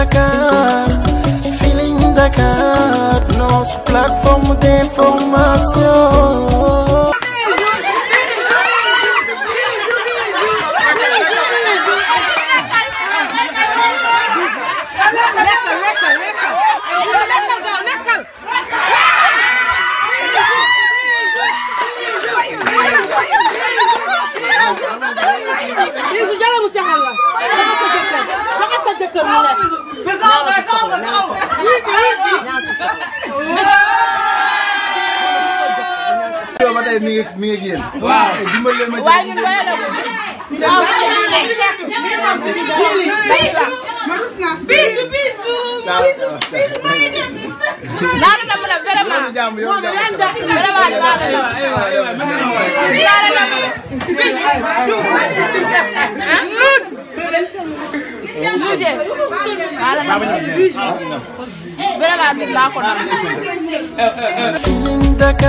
Dakar Feeling Dakar notre plateforme d'information. waaw ba tey mi ngi mi ngi yéen. waaw dimbali leen ma jël. waaye ñun bàyyi la ko. waaw biisu biisu. laal na mu la vraiment. vraiment daal la ko